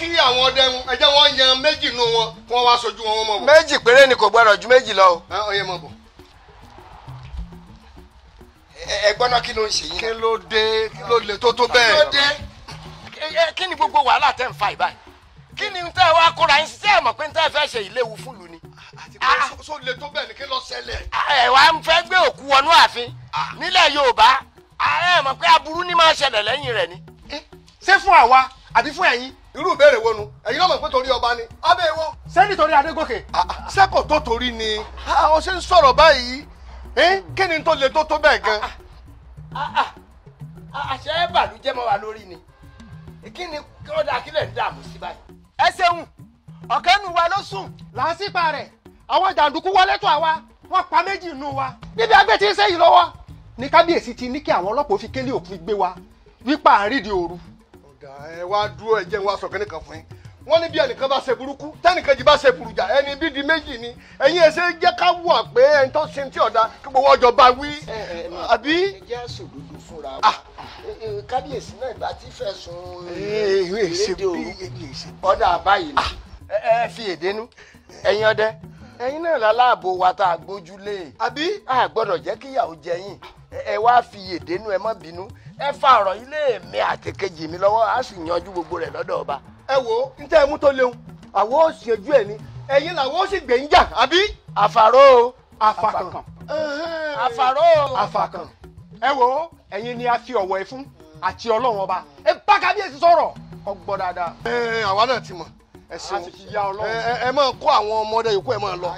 kí àwọn ọdẹ ń ẹ jẹ́ wọ́n yan méjì nù wọn kí wọ́n wá sojú wọn mọ̀ bọ̀. méjì péré ni kò gbọdọ̀ ju méjì lọ o. ó yẹ mọ̀ bọ̀. ẹ gbọ́dọ̀ kí ló ń ṣe yín. kí ló dé kí ló le tó tó bẹ́ẹ̀. kí ló dé kí ni gbogbo wàhálà tẹ́ ń fa ìbáyìí kí ni tẹ́ ẹ wá kóra yín sísẹ́ ẹ̀ mọ̀ pé tẹ́ ẹ fẹ́ ṣe ìléwu fún lu ni. àti pé ah. so le tó bẹ́ẹ̀ ni kí ló ṣẹlẹ̀. Ah, ẹ wá ń fẹ́ gbé òkú wọnú ààfin ah. nílẹ̀ Yorùbá ẹ mọ̀ pé aburú ni máa ṣẹlẹ̀ lẹ́yìn rẹ̀ ni. Eh, ṣé fún àwa àbí fún ẹ̀yin irú ìbéèrè wo nu ẹ̀yin náà mọ̀ pé torí ọba ni abẹ́ ewo. ṣé nítorí adégòkè. sẹ́kọ̀ ah, ah, tó torí ni ọ ah, ṣe ń sọ̀rọ̀ báyìí kí ni tó le tó tó bẹ́ẹ̀ gan. àṣẹ bàlújẹ́ mọ́ wa lórí ni kí ni ọ̀dà kílẹ̀ ń dààmú sí báyìí. ẹ ṣeun ọ̀kẹ́ nu wa ló sùn làásìpa rẹ̀ àwọn jàǹdùkú wọlé tó àwa wọ́n pa méjì nù wa níbi agbẹ́ ti ń sẹ́yìn lọ́wọ́ ní kábíyèsí ti ní kí àwọn ọlọ́pàá fi kélé òkú gbé wa wípa àrídìí òru ọ̀dà ẹ wá dúró ẹ jẹ́ wá sọ kẹ́ni kan fún yín wọ́n ní bí ẹnìkan bá ṣe burúkú tẹ́nìkejì bá ṣe burújà ẹni bí di méjì ni ẹ̀yin ẹ̀ṣẹ́ jẹ́ ká wọ̀ pé ẹni tó ṣe ti ọ̀dà kí gbogbo ọjọ́ bá wí. àbí. ẹ jẹ́ sòdodo fúnra wa ah. kábíyèsí náà ìgbà tí fẹ̀sùn ìrédè òru ọ̀dà báyìí ni. Ah. ẹ fi èdè nu ẹ̀yin ọdẹ ẹ̀yin náà láláàbò wa tá a gbójúlé. àbí. a gbọ́dọ̀ jẹ́ kíyàwó jẹyìn ẹ wá fi èdè nu ẹ má bínú ẹ fa ọ̀rọ̀ ilé mi àti kejì mi lọ́wọ́ a sì yanjú gbogbo rẹ lọ́dọ̀ ọba. ẹ wo n tẹ́ ẹ mú tó léwu àwọn ò sì ojú ẹ ní ẹ̀yin làwọn ò sì gbẹ̀yìn jà àbí. àfàró àfàkàn àfàró àfàkàn ẹ wo ẹ̀yin ni a fi ọ̀wọ̀ ẹ fún àti ọlọ́run ọba ẹ bá kábíyèsí sọ̀rọ̀ kọ́ gbọ́ dáadáa. ẹ àwa náà ti mọ̀ ẹ ṣeun ẹ máa kó àwọn ọmọdé yòókù ẹ máa lọ.